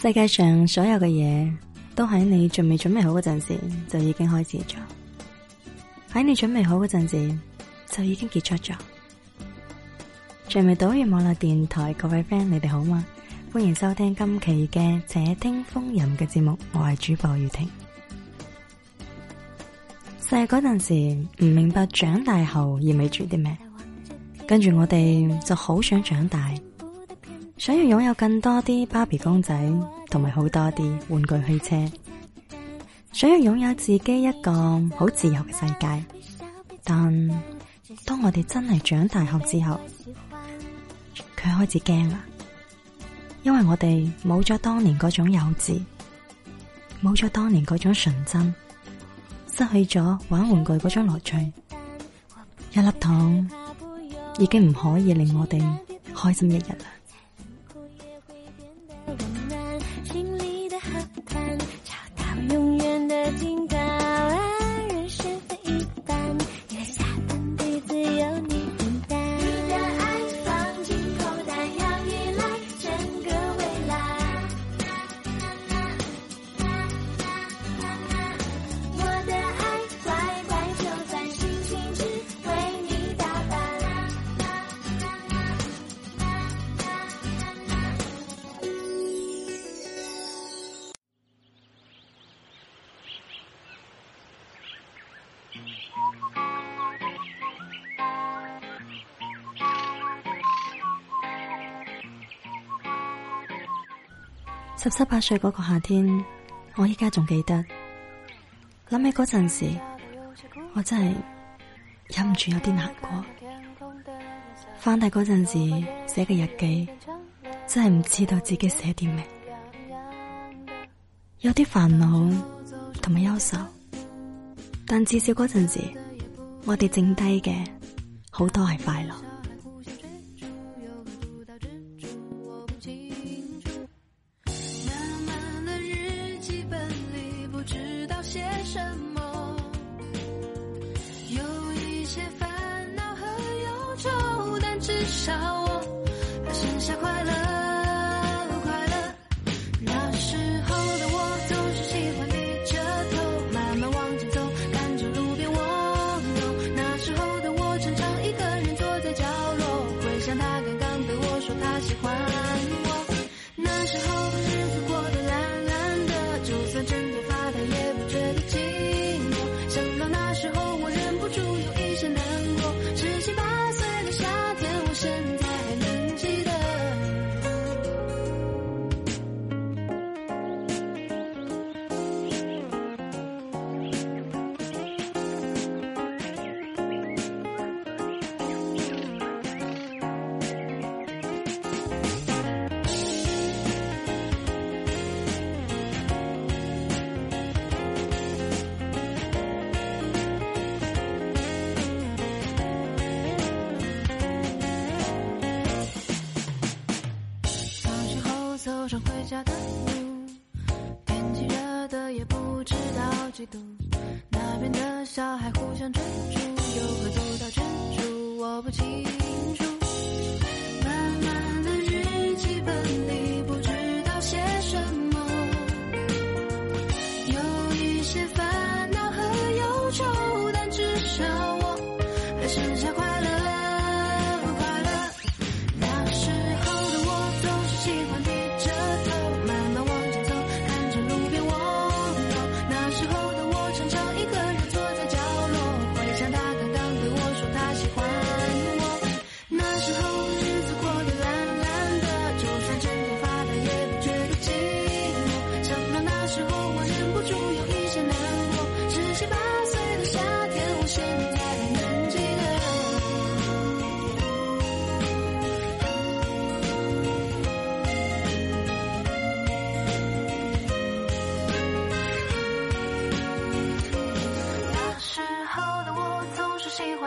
世界上所有嘅嘢，都喺你仲未準備好嗰陣時就已經開始咗；喺你準備好嗰陣時，就已經結束咗。傳媒島與網絡電台各位 friend，你哋好嗎？歡迎收聽今期嘅《且聽風吟》嘅節目，我係主播雨婷。細嗰陣時唔明白長大後意味住啲咩，跟住我哋就好想長大。想要擁有更多啲芭比公仔，同埋好多啲玩具汽車，想要擁有自己一個好自由嘅世界。但當我哋真係長大學之後，佢開始驚啦，因為我哋冇咗當年嗰種幼稚，冇咗當年嗰種純真，失去咗玩玩具嗰種樂趣，一粒糖已經唔可以令我哋開心一日啦。十七八歲嗰個夏天，我依家仲記得。諗起嗰陣時，我真係忍唔住有啲難過。翻睇嗰陣時寫嘅日記，真係唔知道自己寫啲咩。有啲煩惱同埋憂愁，但至少嗰陣時，我哋剩低嘅好多係快樂。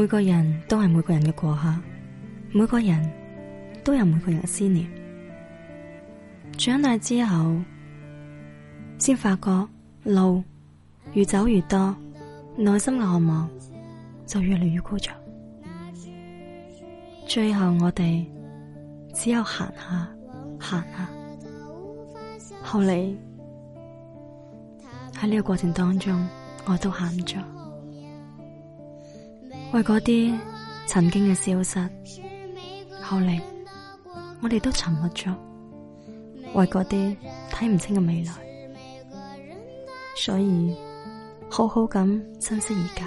每個人都係每個人嘅過客，每個人都有每個人嘅思念。長大之後，先發覺路越走越多，內心嘅渴望就越嚟越高。最後我哋只有行下行下，後嚟喺呢個過程當中，我都喊咗。為嗰啲曾經嘅消失，後嚟我哋都沉默咗；為嗰啲睇唔清嘅未來，所以好好咁珍惜而家。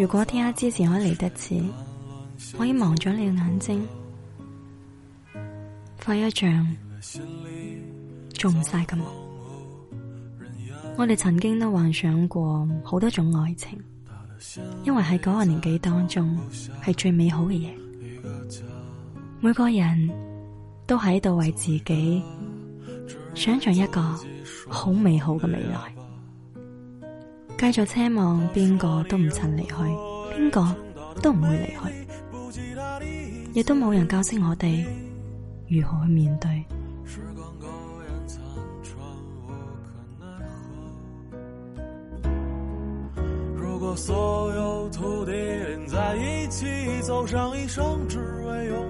如果天黑之前可以嚟得切，可以望咗你嘅眼睛，發一場做唔晒嘅夢。我哋曾經都幻想過好多種愛情，因為喺嗰個年紀當中係最美好嘅嘢。每個人都喺度為自己想象一個好美好嘅未來。繼續奢望，邊個都唔曾離開，邊個都唔會離開，亦都冇人教識我哋如何去面對。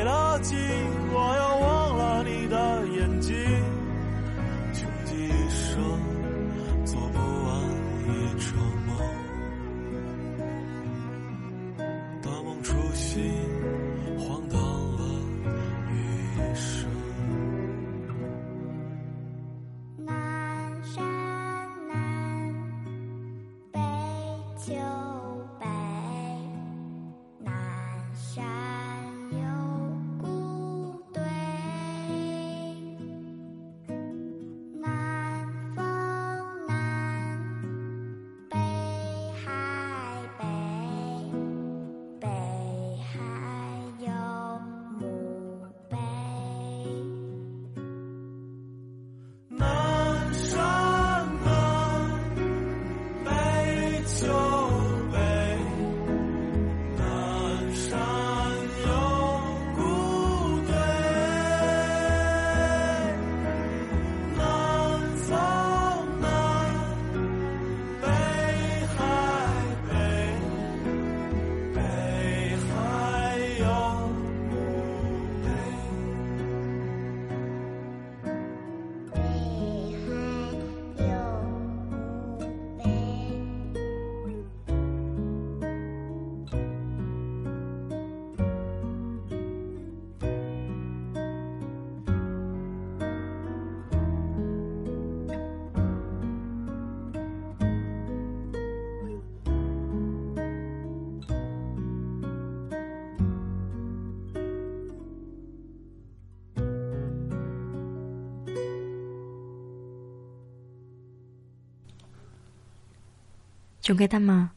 仲記得嗎？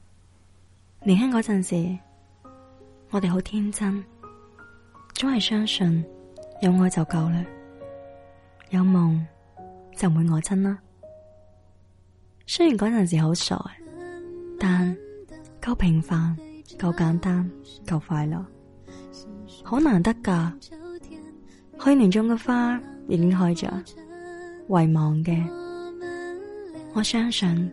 年輕嗰陣時，我哋好天真，總係相信有愛就夠啦，有夢就唔會餓親啦。雖然嗰陣時好傻，但夠平凡，夠簡單，夠快樂，好難得噶。去年種嘅花已經開咗，遺忘嘅，我相信。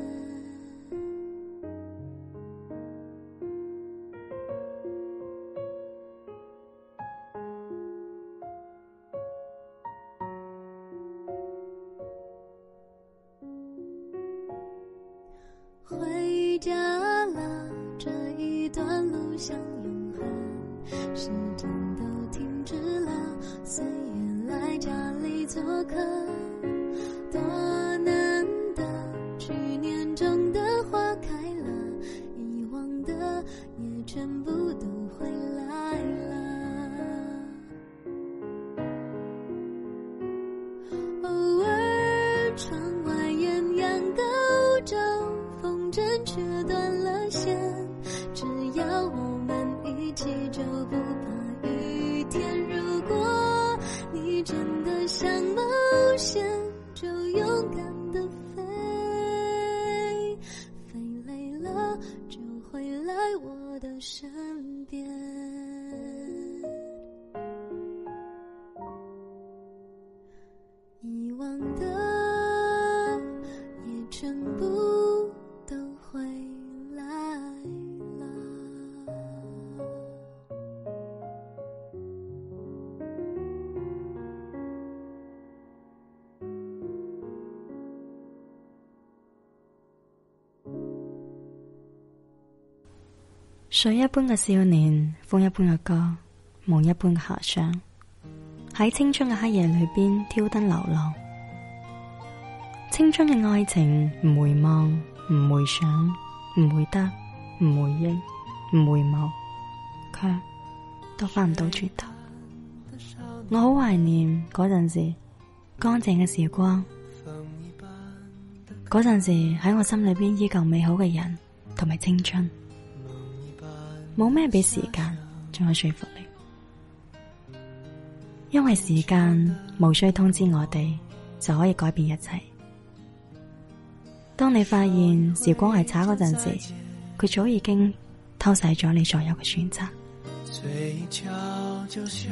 水一般嘅少年，風一般嘅歌，夢一般嘅遐想，喺青春嘅黑夜裏邊挑燈流浪。青春嘅愛情唔回望，唔回想，唔回得，唔回憶，唔回眸，卻都返唔到轉頭。我好懷念嗰陣時乾淨嘅時光，嗰陣時喺我心裏邊依舊美好嘅人同埋青春。冇咩比時間仲有說服你，因為時間無需通知我哋就可以改變一切。當你發現時光係差嗰陣時，佢早已經偷晒咗你所有嘅選擇。隨意就笑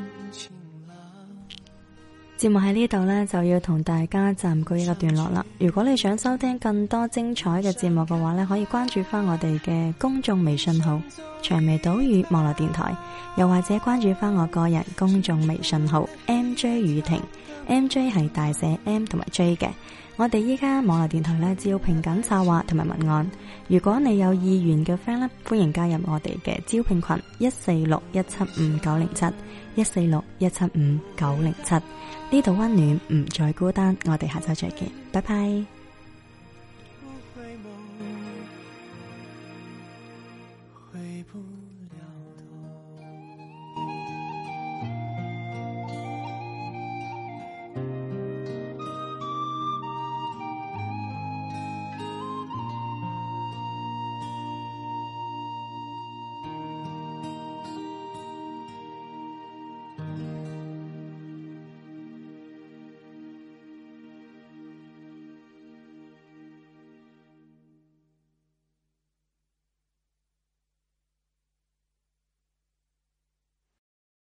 節目喺呢度呢，就要同大家暫告一個段落啦。如果你想收聽更多精彩嘅節目嘅話呢，可以關注翻我哋嘅公眾微信號“薔薇島嶼網絡電台”，又或者關注翻我個人公眾微信號 MJ 雨 MJ 是大社 “M J 雨婷”。M J 係大寫 M 同埋 J 嘅。我哋依家網絡電台咧，招聘緊策劃同埋文案。如果你有意願嘅 friend 咧，歡迎加入我哋嘅招聘群一四六一七五九零七一四六一七五九零七。呢度溫暖，唔再孤單。我哋下周再見，拜拜。